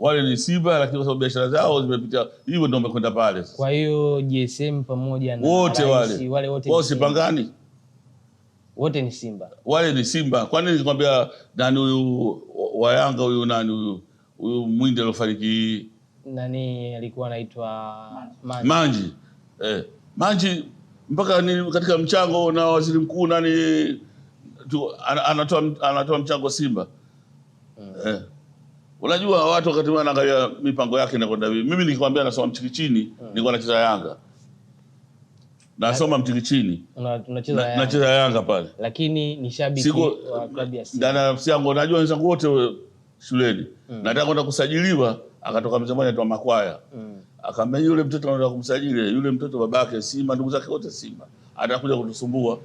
wale ni Simba, lakini kwa sababu biashara zao zimepita hivyo, ndio wamekwenda pale. Kwa hiyo JSM pamoja na wote wale wale wote wao sipangani, wote ni Simba, wale ni Simba. Kwa nini nikwambia nani huyu wa Yanga huyu nani huyu huyu mwinde alofariki nani alikuwa anaitwa Manji, Manji. Eh, Manji mpaka ni katika mchango na waziri mkuu nani tu, anatoa anatoa mchango Simba mm. eh. Unajua watu wakati wanaangalia mipango yake inakwenda vipi. Mimi nikikwambia nasoma Mchikichini, ah. nilikuwa nacheza Yanga. Nasoma Mchikichini. nacheza Yanga. na Yanga pale. Lakini ni shabiki wa klabu ya Simba. nafsi yangu unajua wenzangu wote shuleni. hmm. Nataka kwenda kusajiliwa, akatoka mzee aitwa Makwaya. hmm. Akamwambia yule mtoto anataka kumsajili, yule mtoto babake Simba, ndugu zake wote Simba. Atakuja kutusumbua.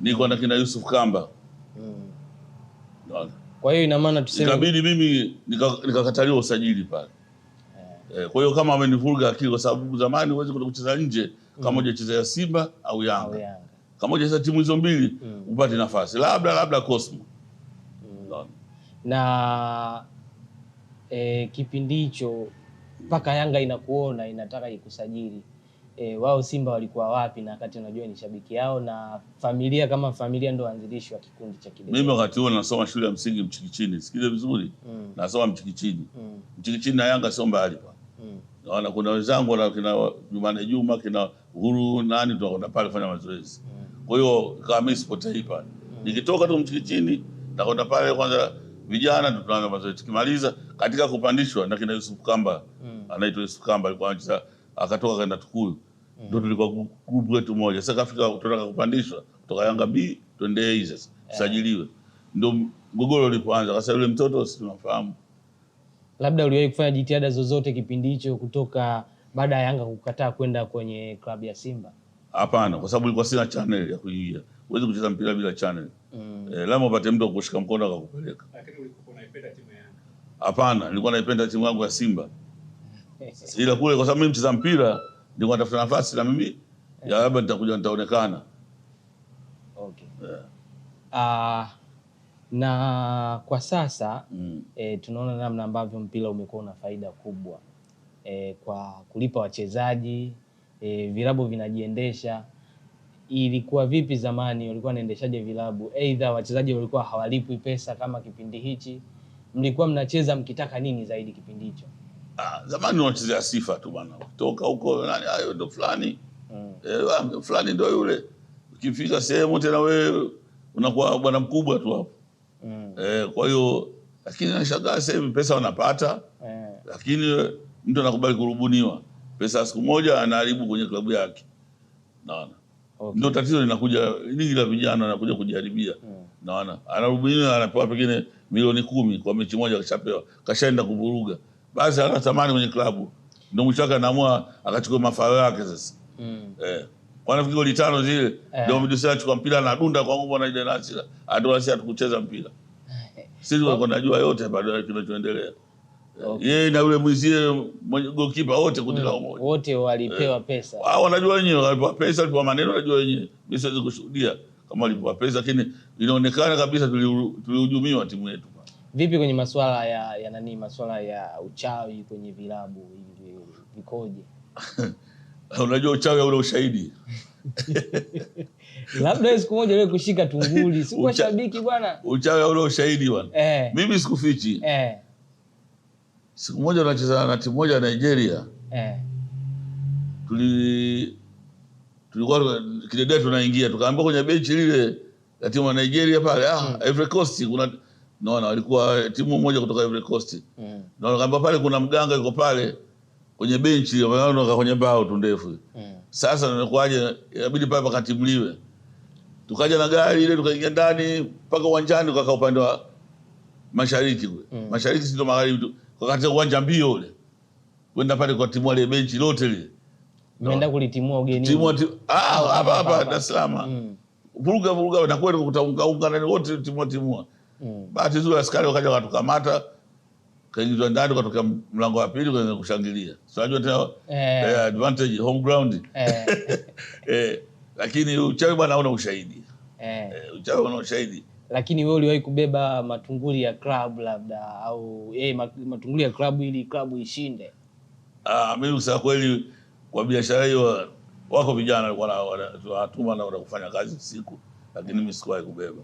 Niko na kina Yusuf Kamba. hmm. Kwa hiyo ina maana tuseme itabidi mimi nikakataliwa nika usajili pale. Eh. eh, kwa hiyo kama amenivuruga akili kwa sababu zamani huwezi kwenda kucheza nje mm. kama hujacheza ya Simba au Yanga. Kama hujacheza timu hizo mbili mm. upate nafasi. Labda labda Cosmo. Mm. Na eh, kipindi hicho mpaka Yanga inakuona inataka ikusajili e, wao Simba walikuwa wapi, na wakati unajua ni shabiki yao na familia kama familia ndo waanzilishi wa kikundi cha kidebe. Mimi wakati huo nasoma shule ya msingi Mchikichini, sikile vizuri mm. nasoma Mchikichini mm. Mchikichini na Yanga sio mbali pa mm. naona kuna wenzangu na kina Jumane Juma kina Uhuru nani, tunakwenda pale kufanya mazoezi mm. kwa hiyo kama mimi sipotei pale mm. nikitoka tu Mchikichini nakwenda pale kwanza vijana ndo tunaanza mazoezi, tukimaliza katika kupandishwa na kina Yusuf Kamba mm. anaitwa Yusuf Kamba alikuwa anacheza akatoka kaenda Tukuyu mm ndio tulikuwa group yetu moja. Sasa kafika tunataka kupandishwa kutoka Yanga B twende A sasa eh. sajiliwe, ndio mgogoro ulipoanza. Sasa yule mtoto si tunamfahamu. Labda uliwahi kufanya jitihada zozote kipindi hicho kutoka baada ya Yanga kukataa kwenda kwenye klabu ya Simba? Hapana, kwa sababu ilikuwa sina channel ya kuingia. Huwezi kucheza mpira bila channel. Mm. Eh, lazima upate mtu akushika mkono akakupeleka. Lakini ulikuwa unaipenda timu ya Yanga? Hapana, nilikuwa naipenda timu yangu ya Simba. Ila kule kwa sababu mimi mcheza mpira nilikuwa natafuta nafasi na mimi ya labda nitakuja nitaonekana. okay. yeah. Uh, na kwa sasa mm. e, tunaona namna ambavyo mpira umekuwa una faida kubwa e, kwa kulipa wachezaji e, vilabu vinajiendesha. Ilikuwa vipi zamani, walikuwa naendeshaje vilabu? Aidha wachezaji walikuwa hawalipwi pesa kama kipindi hichi, mlikuwa mnacheza mkitaka nini zaidi kipindi hicho? Ah, zamani unachezea sifa tu bwana. Kutoka huko nani hayo ah, ndo fulani. Mm. Eh, ah, fulani ndo yule. Ukifika sehemu tena wewe unakuwa bwana mkubwa tu hapo. Mm. Eh, kwa hiyo lakini nashangaa sasa hivi pesa wanapata. Mm. Lakini mtu anakubali kurubuniwa. Pesa siku moja anaharibu kwenye klabu yake. Naona. Okay. Ndio tatizo linakuja nyingi la vijana anakuja kujaribia. Mm. Naona. Anarubuniwa anapewa pengine milioni kumi kwa mechi moja kashapewa. Kashaenda kuvuruga basi hana thamani kwenye klabu, ndio mwisho wake anaamua akachukua mafao yake sasa mm. eh. wanafikiri goli tano zile eh. ndio eh. Midusela chukua mpira na dunda kwa nguvu na ile nasira ndio sisi hatukucheza mpira sisi okay. tunajua yote bado kinachoendelea okay. yeye na yule mwizie mwenye goalkeeper wote kundi la mm. umoja wote walipewa eh. pesa wao wanajua wenyewe walipewa pesa walipewa maneno wanajua wenyewe mimi siwezi kushuhudia kama walipewa pesa lakini inaonekana kabisa tulihujumiwa timu yetu Vipi kwenye masuala ya, ya nani masuala ya uchawi kwenye vilabu hivi vikoje? Unajua uchawi hauna ushahidi. Labda siku moja wewe kushika tunguli, si kwa shabiki bwana. Uchawi hauna ushahidi bwana. Eh. Mimi sikufichi. Eh. Siku moja tunacheza na timu moja ya Nigeria. Eh. Tuli tulikuwa kidedea tunaingia tukaambia kwenye benchi lile la timu ya Nigeria pale ah, hmm. Every Coast kuna naona walikuwa timu moja kutoka Ivory Coast mm. na wakaambia pale kuna mganga yuko pale kwenye benchi, wanaona kwenye bao tu ndefu mm. Sasa nimekuaje inabidi pale pakatimuliwe, tukaja na gari ile tukaingia ndani mpaka uwanjani, kwa upande wa mashariki kule mm. mashariki sio magharibi, tu kwa wakati uwanja mbio ule kwenda pale kwa timu ile benchi lote ile Nenda no. kulitimua ugenini. ah hapa hapa Dar es Salaam. mm. Vuruga vuruga na kwenda kutaunga unga na wote timu timu mm. Mm. Bahati nzuri askari wakaja wakatukamata, kaingizwa ndani kutoka mlango wa pili kwenye kushangilia. So unajua tena eh, Eh, advantage home ground. Eh. eh, lakini uchawi bwana una ushahidi. Eh. eh uchawi una ushahidi. Lakini wewe uliwahi kubeba matunguli ya club labda au eh, matunguli ya club ili club ishinde? Ah, mimi kusema kweli kwa biashara hiyo wako vijana walikuwa wanatuma na wanakufanya kazi siku, lakini mimi sikuwahi kubeba.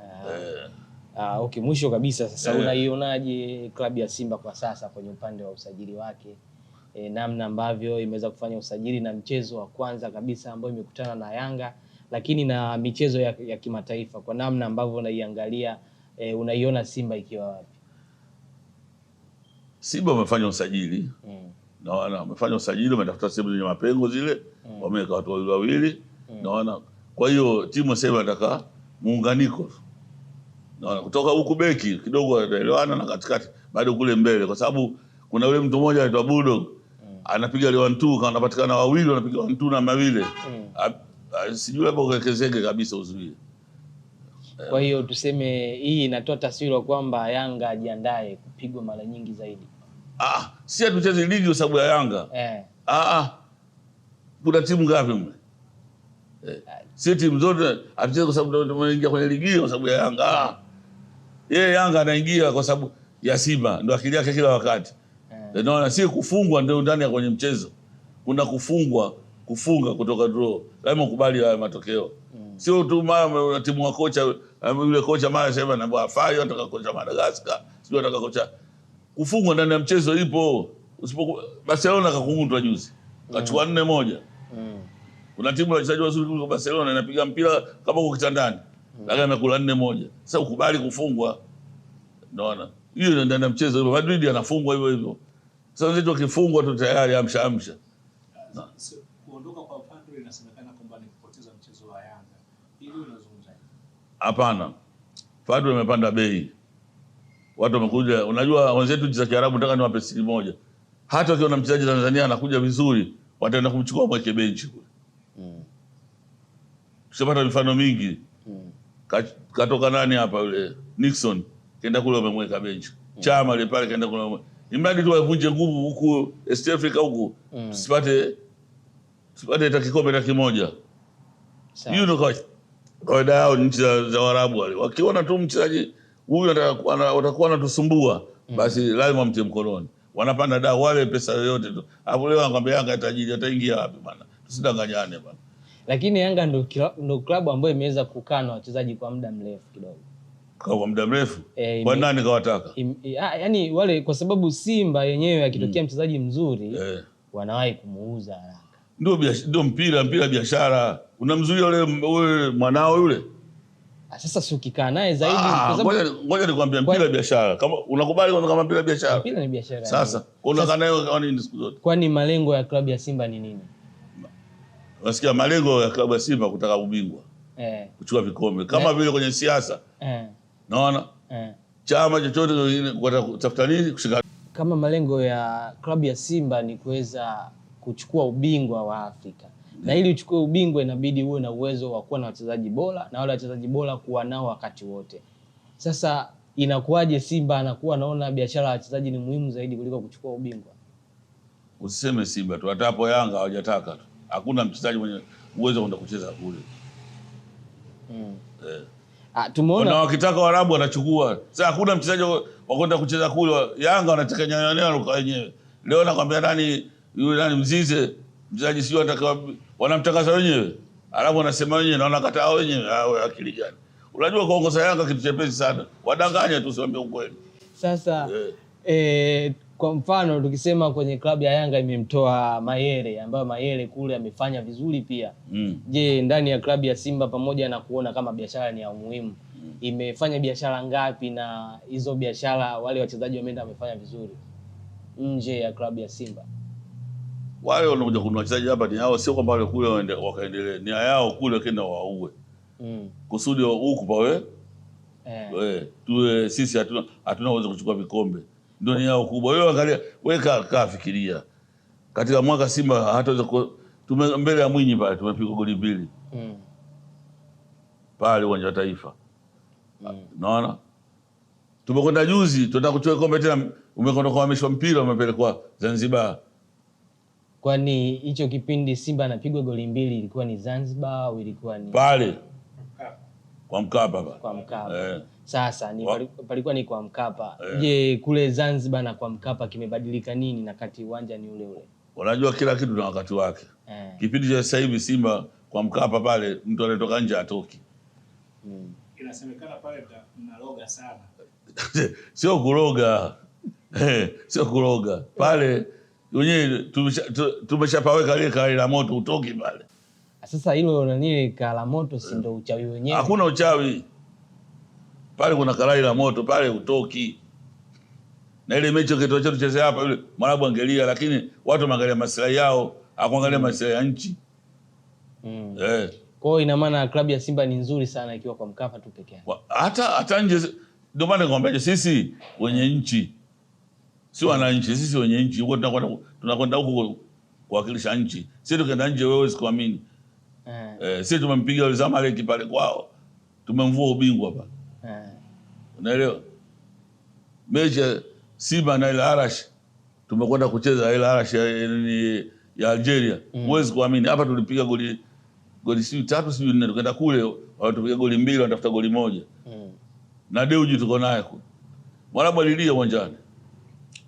Ah. Eh. eh. Uh, okay, mwisho kabisa sasa yeah. Unaionaje klabu ya Simba kwa sasa kwenye upande wa usajili wake e, namna ambavyo imeweza kufanya usajili na mchezo wa kwanza kabisa ambayo imekutana na Yanga lakini na michezo ya, ya kimataifa kwa namna ambavyo unaiangalia e, unaiona Simba ikiwa wapi? Simba wamefanya usajili mm. Naona wamefanya usajili, wametafuta sehemu zenye mapengo zile mm. Wameweka watu wawili wawili mm. Naona kwa hiyo timu sasa inataka muunganiko Naona kutoka huku beki kidogo anaelewana na katikati, bado kule mbele, kwa sababu kuna yule mtu mmoja anaitwa Bulldog mm. anapiga le 1 kama anapatikana wawili anapiga 1 na mawili mm. Ah, ah, sijui hapo kakezeke kabisa uzuie. Kwa hiyo tuseme hii inatoa taswira kwamba Yanga ajiandae kupigwa mara nyingi zaidi. Ah, si atucheze ligi kwa sababu ya Yanga eh. Ah, ah. Kuna timu ngapi mle? Eh. Si timu zote hatucheze kwa sababu tunaingia kwenye ligi kwa sababu ya Yanga. Ah. Yeye Yanga anaingia kwa sababu ya Simba, ndo akili yake kila wakati. yeah. Naona si kufungwa ndio ndani ya kwenye mchezo. Kuna kufungwa, kufunga kutoka draw. Lazima ukubali haya matokeo. mm. Sio tu mara timu wa kocha yule kocha mara sema anaambia afai ataka kocha Madagascar. Sio ataka kocha. Kufungwa ndani ya mchezo ipo. Usipo Barcelona kakungutwa juzi. Kachukua 4-1. Mm. Mm. Kuna timu ya wachezaji wazuri kuliko Barcelona inapiga mpira kama kwa kitandani. Laga amekula nne moja. Sasa ukubali kufungwa. Unaona? Hiyo ndio ndani mchezo hivyo. Madrid anafungwa hivyo hivyo. Sasa wenzetu wakifungwa tu tayari amsha amsha. Kuondoka kwa Fadlu inasemekana kwamba ni kupoteza mchezo wa Yanga. Hili unazungumzaje? Hapana. Fadlu amepanda bei. Watu wamekuja, unajua wenzetu za Kiarabu nataka niwape siri moja. Hata na mchezaji Tanzania anakuja vizuri, wataenda kumchukua mweke benchi kule. Mm. Tushapata mifano mingi katoka nani hapa yule Nixon kenda kule wamemweka benchi. mm. Chama ile pale kenda kule imradi tu waivunje nguvu huku East Africa huku mm. sipate sipate hata kikombe na kimoja. Hiyo ndio kwa kawaida yao nchi za za Waarabu wale. Wakiona tu mchezaji huyu atakuwa anatusumbua mm. basi lazima mtie mkononi. Wanapanda dau wale pesa yoyote tu. Hapo leo anakuambia Yanga tajiri ataingia wapi bana? Tusidanganyane bana lakini Yanga ndo klabu ambayo imeweza kukaa na wachezaji kwa muda mrefu kidogo kwa muda mrefu e, kwa nani kawataka ah, yani wale, kwa sababu Simba yenyewe akitokea mm. mchezaji mzuri e. wanawahi kumuuza haraka. Ndio mpira, mpira biashara. Unamzuia ule mwanao yule ah, sasa si ukikaa naye zaidi. kwa ah, sababu Ngoja nikwambia, mpira biashara. Kama unakubali kwamba kama mpira biashara, mpira ni biashara. Sasa kwa unakaa naye siku zote. Kwani malengo ya klabu ya Simba ni nini? Unasikia malengo ya klabu ya Simba kutaka ubingwa eh, kuchukua vikombe kama eh. vile eh, kwenye siasa eh, naona eh, chama chochote kutafuta nini kushika. Kama malengo ya klabu ya Simba ni kuweza kuchukua ubingwa wa Afrika na ili uchukue ubingwa inabidi uwe na uwezo wa kuwa na wachezaji bora na wale wachezaji bora kuwa nao wakati wote. Sasa inakuwaje Simba anakuwa anaona biashara ya wachezaji ni muhimu zaidi kuliko kuchukua ubingwa? Usiseme Simba tu, hata hapo Yanga hawajataka tu hakuna mchezaji mwenye uwezo kwenda kucheza kule mm. eh. Ah, wakitaka Waarabu wanachukua. Sasa hakuna mchezaji wa kwenda kucheza kule. Yanga wanataka nyanyana ruka wenyewe. Leo nakwambia nani yule nani Mzize mchezaji sio anataka wanamtangaza wenyewe. Alafu wanasema wenyewe na wanakataa wenyewe. Ah, wewe akili gani? Unajua kuongoza Yanga kitu chepesi sana. Wadanganya tu siwaambie ukweli. Sasa yeah. eh, eh kwa mfano tukisema kwenye klabu ya Yanga imemtoa Mayele ambayo Mayele kule amefanya vizuri pia mm. Je, ndani ya klabu ya Simba pamoja na kuona kama biashara ni ya umuhimu mm. imefanya biashara ngapi na hizo biashara wale wachezaji wameenda wamefanya vizuri nje ya klabu ya Simba? Wale wanakuja kuna wachezaji hapa ni hao, sio kwamba wale kule wakaendelea, nia yao kule kenda waue mm. kusudi huku pawe eh. tuwe sisi hatuna hatuna uwezo kuchukua vikombe dunia yao kubwa. Wewe angalia, wewe kaa kaa fikiria, katika mwaka Simba hataweza tume mbele ya Mwinyi pale tumepigwa goli mbili mm. pale uwanja wa Taifa hmm. unaona mm. naona tumekwenda juzi, tunataka kuchukua kombe tena, umekwenda kuhamishwa mpira, umepelekwa Zanzibar. Kwani hicho kipindi Simba anapigwa goli mbili ilikuwa ni Zanzibar au ilikuwa ni pale kwa Mkapa? Kwa Mkapa, kwa Mkapa. Eh. Sasa ni palikuwa ni kwa Mkapa. Eh. Je, yeah. Kule Zanzibar na kwa Mkapa kimebadilika nini na kati uwanja ni ule ule? Unajua kila kitu na wakati wake yeah. Kipindi cha sasa hivi Simba kwa Mkapa pale mtu anatoka nje atoki mm. Inasemekana pale mnaloga sana. Sio kuroga eh, sio kuroga pale wenyewe tumeshapaweka lile kali la moto utoki pale. Sasa hilo nani kala moto si eh. ndo uchawi wenyewe? Hakuna uchawi pale kuna karai la moto pale, utoki na ile mechi kitoa chetu cheze hapa, yule Mwarabu angelia, lakini watu wameangalia maslahi yao, hakuangalia mm. maslahi ya nchi mm. eh. Kwa hiyo ina maana klabu ya Simba ni nzuri sana ikiwa kwa Mkapa tu peke yake, hata hata nje. Ndio maana nikwambia sisi wenye nchi si wananchi, sisi wenye nchi huko tunakwenda tunakwenda huko kuwakilisha nchi. Sisi tukaenda nje, wewe usikuamini eh. eh, sisi tumempiga yule Zamalek pale kwao, tumemvua ubingwa hapa eh. Unaelewa? Mechi ya Simba na Al Arash tumekwenda kucheza Al Arash ya, ya Algeria. Mm. Huwezi mm. kuamini. Hapa tulipiga goli goli siu tatu siu nne tukaenda kule watupiga goli mbili wanatafuta goli moja. Mm. Na Deuji tuko naye kule. Mwarabu alilia uwanjani.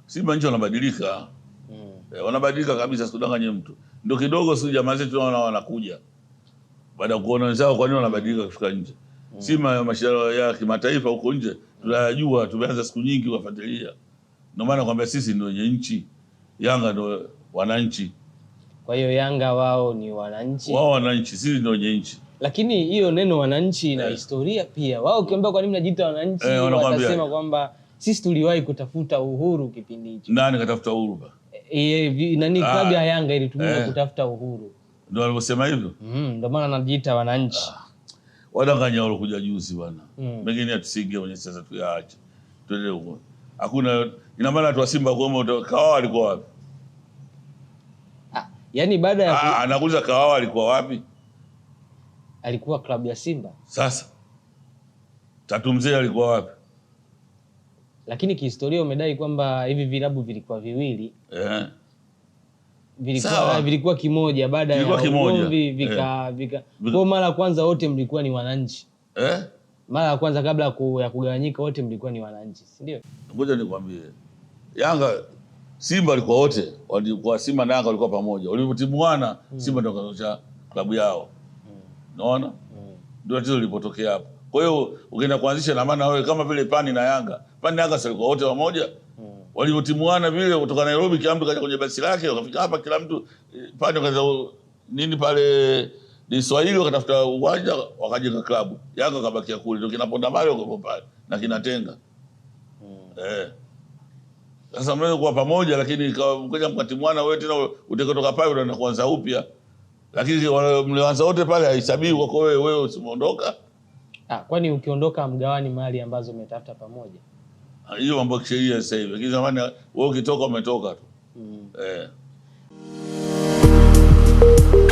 Simba nchi wanabadilika. Mm. E, wanabadilika kabisa sikudanganye mtu. Ndio kidogo sisi jamaa zetu wanaona wanakuja. Baada ya kuona wenzao kwa nini wanabadilika kufika nje. mm mm. Sima mashindano ya kimataifa huko nje tunayajua, tumeanza siku nyingi kufuatilia. Ndio maana kwamba sisi ndio wenye nchi, Yanga ndio wananchi. Kwa hiyo Yanga wao ni wananchi, wao wananchi, sisi ndio wenye nchi. Lakini hiyo neno wananchi ina yeah. historia pia. Wao ukiambia kwa nini mnajiita wananchi, eh, watasema kwamba sisi tuliwahi kutafuta uhuru kipindi hicho. Nani katafuta uhuru ba? E, nani ah. klabu ya Yanga ilitumia eh, kutafuta uhuru. Ndio walivyosema hivyo. Mm, ndio maana anajiita wananchi ah wadanganya walokuja juzi bwana mm. Mengine hatusingie kwenye siasa tuyaache, tuende huko. Hakuna ina maana watu wa Simba kuomba Kawawa alikuwa wapi? Ah, yani baada ya ah, anakuuliza Kawawa alikuwa wapi? Alikuwa klabu ya Simba. Sasa Tatu Mzee alikuwa wapi? Lakini kihistoria umedai kwamba hivi vilabu vilikuwa viwili yeah vilikuwa, vilikuwa kimoja baada ya ugomvi eh. vika, vika. Kwa mara ya kwanza wote mlikuwa ni wananchi eh? Mara ya kwanza kabla ku, ya kugawanyika wote mlikuwa ni wananchi, si ndio? Ngoja nikwambie, Yanga Simba walikuwa wote walikuwa Simba na Yanga walikuwa pamoja, walivyotimuana hmm. Simba ndio kazocha klabu yao, hmm. unaona hmm. ndio tatizo lilipotokea hapo. Kwa hiyo ukienda kuanzisha na maana wewe kama vile Pani na Yanga, Pani na Yanga walikuwa wote pamoja walivyotimuana vile kutoka Nairobi, kila mtu kaja kwenye basi lake, wakafika hapa, kila mtu eh, pale kaza nini pale ni Swahili, wakatafuta uwanja wakajenga klabu Yanga kabakia kule, ndio kinaponda mbali huko pale na kinatenga hmm. eh sasa mnaweza kuwa pamoja, lakini mkaja mkatimwana wewe tena utakaotoka pale unaenda kuanza upya, lakini mlioanza wote pale haisabii kwako wewe, wewe usimondoka. Ah, kwani ukiondoka mgawani mali ambazo umetafuta pamoja hiyo ya kisheria sasa hivi, lakini zamani wewe ukitoka umetoka tu mm. eh.